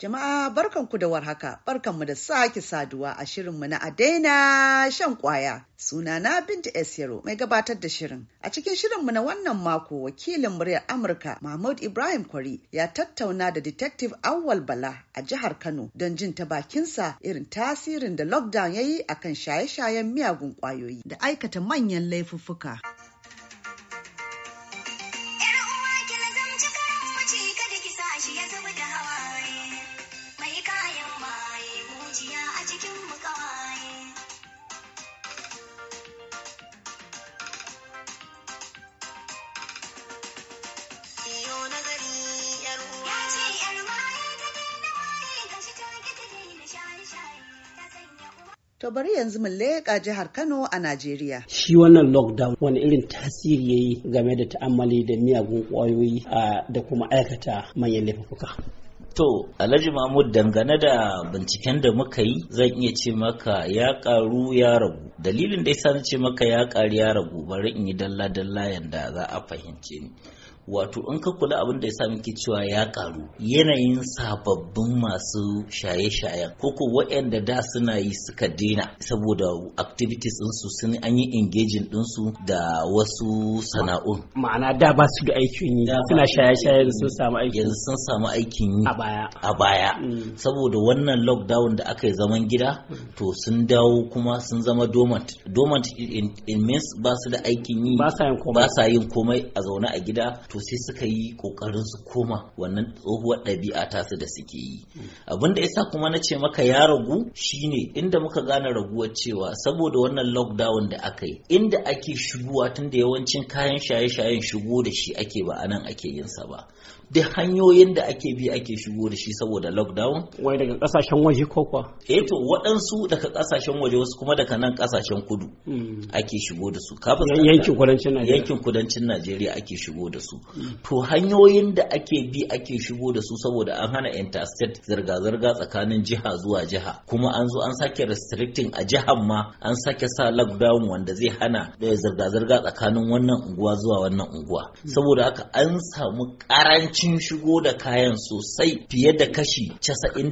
Jama'a barkanku da warhaka, barkanmu da sake saduwa a shirinmu na Adaina shan kwaya. suna Binta S. Yaro mai gabatar da shirin. A cikin shirinmu na wannan mako wakilin muryar Amurka Mahmud Ibrahim Kwari ya tattauna da Detective Awal Bala a jihar Kano don jin ta bakinsa irin tasirin da lockdown ya yi akan shaye-shayen miyagun kwayoyi da aikata manyan laifuffuka. To bari yanzu mu leƙa jihar Kano a Najeriya. Shi wannan lockdown wani irin tasiri ya yi game da ta'ammali da miyagun ƙwayoyi da kuma aikata manyan laifuka. To, Alhaji Mahmud dangane da binciken da muka yi zan iya ce maka ya ƙaru ya ragu. dalilin da ya ce maka ya ƙari ya ragu bari in yi dalla dalla yanda za a fahimce ni wato in ka kula abin da yasa muke cewa ya ƙaru yanayin sababbin masu shaye-shayen koko waɗanda da suna yi suka daina saboda activities ɗinsu sun an yi engaging ɗinsu da wasu sana'un ma'ana da ba su da aikin yi suna shaye-shaye sun samu aikin yanzu sun samu aikin yi a baya a baya mm. saboda wannan lockdown da aka yi zaman gida mm. to sun dawo kuma sun zama doma dormant dormant in means ba su da aikin yi ba sa yin komai a zaune a gida to sai suka yi kokarin su koma wannan tsohuwar ɗabi'a ta su da suke yi abin da yasa kuma na ce maka ya ragu shine inda muka gane raguwar cewa saboda wannan lockdown da aka yi inda ake shigowa tunda yawancin kayan shaye-shayen shigo da shi ake ba anan ake yin sa ba duk hanyoyin da ake bi ake shigo da shi saboda lockdown wai daga kasashen waje ko eh to waɗansu daga kasashen waje wasu kuma daga nan kasa kasashen kudu hmm. ake shigo da su yankin kudancin Najeriya ake shigo da su to hanyoyin da ake bi ake shigo da su saboda an hana interstate zirga zirga tsakanin jiha zuwa jiha kuma an zo an sake restricting a jihar ma an sake sa lockdown wanda zai hana eh, zirga zirga tsakanin wannan unguwa zuwa wannan unguwa hmm. saboda haka an samu karancin shigo da kayan sosai fiye da kashi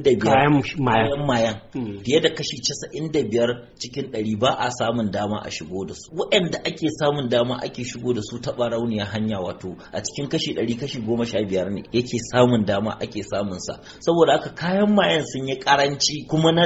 biyar. kayan mayan hmm. fiye da kashi 95 cikin ɗari ba a samun dama a shigo da su waɗanda ake samun dama ake shigo da su ta barauniya hanya wato a cikin kashi ɗari kashi goma sha biyar ne yake samun dama ake samun sa saboda haka kayan mayan sun yi karanci kuma na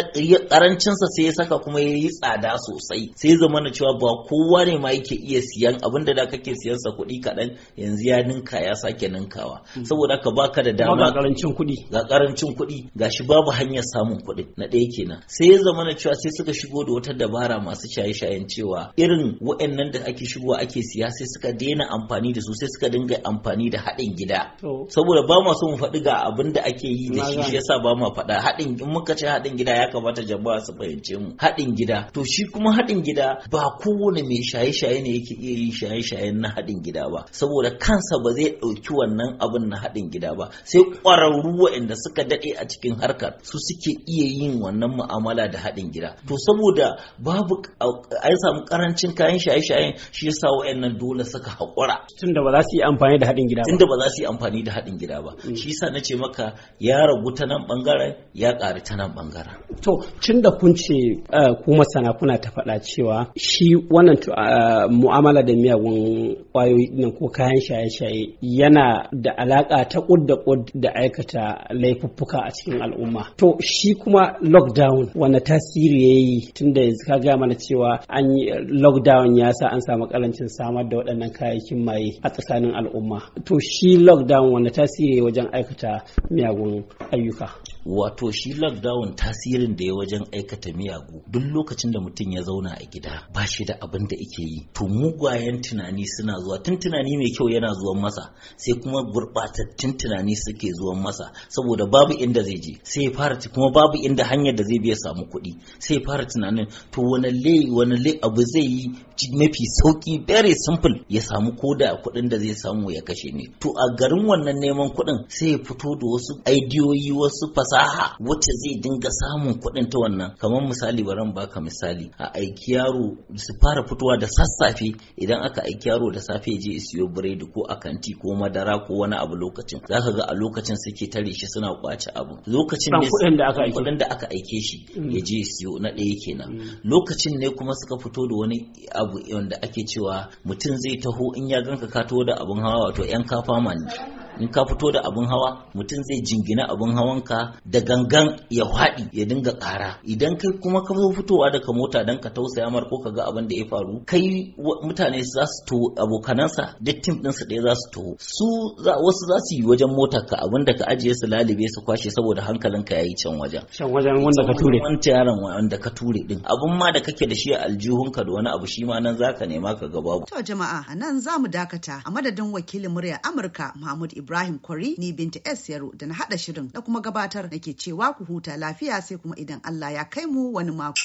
karancinsa sai ya saka kuma ya yi tsada sosai sai zama na cewa ba kowa ne ma yake iya siyan abinda da kake siyan sa kuɗi kaɗan yanzu ya ninka ya sake ninkawa hmm. saboda haka baka da dama ga karancin kuɗi ga karancin kuɗi gashi babu hanyar samun kuɗi na ɗaya kenan sai ya zama na cewa sai suka shigo da wata dabara masu masu shaye-shayen cewa irin wa'annan da ake shigowa ake siya sai suka daina amfani da su sai suka dinga amfani da haɗin gida saboda ba ma so mu faɗi ga abin da ake yi da shi shi yasa ba ma faɗa haɗin in muka ce haɗin gida ya kamata jama'a su fahimce mu haɗin gida to shi kuma haɗin gida ba kowane mai shaye-shaye ne yake iya yin shaye-shayen na haɗin gida ba saboda kansa ba zai ɗauki wannan abin na haɗin gida ba sai ƙwararru waɗanda suka daɗe a cikin harkar su suke iya yin wannan mu'amala da haɗin gida to saboda babu A yi samu karancin kayan shaye shaye shi yasa wayannan dole suka haƙura tunda ba za su yi amfani da haɗin gida ba tunda ba za su yi amfani da haɗin gida ba mm. shi yasa na ce maka ya ragu ta nan bangaren ya ƙari ta nan bangaren to tun da kun ce eh, ku masana kuna ta faɗa cewa shi wannan eh, mu'amala da miyagun ƙwayoyi nan ko kayan shaye-shaye yana da alaƙa ta ƙud da ƙud da aikata laifuffuka a cikin al'umma to shi kuma lockdown wani tasiri ya yi tun da ka gaya mana na cewa an yi lockdown ya sa an samu karancin samar da waɗannan kayayyakin maye a tsakanin al'umma to shi lockdown wanda tasiri wajen aikata miyagun ayyuka wato shi lockdown tasirin da ya wajen aikata miyagu duk lokacin da mutum ya zauna a gida ba shi da abin da ake yi to mugayen tunani suna zuwa tun tunani mai kyau yana zuwan masa sai kuma gurɓatattun tunani suke zuwan masa saboda babu inda zai je sai fara kuma babu inda hanyar da zai biya samu kuɗi sai fara tunanin to wani wani abu zai yi mafi sauki very simple ya samu koda kuɗin da zai samu ya kashe ne to a garin wannan neman kuɗin sai ya fito da wasu aidiyoyi wasu fasaha wacce zai dinga samun kuɗin ta wannan kamar misali baran baka misali a aiki yaro su fara fitowa da sassafe idan aka aiki yaro da safe je siyo biredi ko a kanti ko madara ko wani abu lokacin zaka ga a lokacin suke tare shi suna kwace abu lokacin ne kuɗin da aka aike shi mm. ya je siyo na ɗaya kenan mm. lokacin ne kuma suka fito da wani abu abu wanda ake cewa mutum zai taho in ya ganka ka taho da abun hawa wato yan kafa ne in ka fito da abin hawa mutum zai jingina abun ka da gangan ya haɗi ya dinga ƙara idan kai kuma ka zo fitowa daga mota don ka tausaya mar ko ka ga abin da ya faru kai mutane za su to abokanansa duk tim ɗinsu ɗaya za su to su wasu za su yi wajen mota ka abin da ka ajiye su lalibe su kwashe saboda ka ya yi can wajen can wajen wanda ka ture ɗin yaron wanda ka ture din abun ma da kake da shi a aljihunka da wani abu shi ma nan zaka nema ka ga babu to jama'a nan za mu dakata a madadin wakilin murya Amurka Mahmud Ibrahim Ibrahim Kwari ni Binta S Yaro da na hada shirin da kuma gabatar nake cewa ku huta lafiya sai kuma idan Allah ya kai mu wani mako.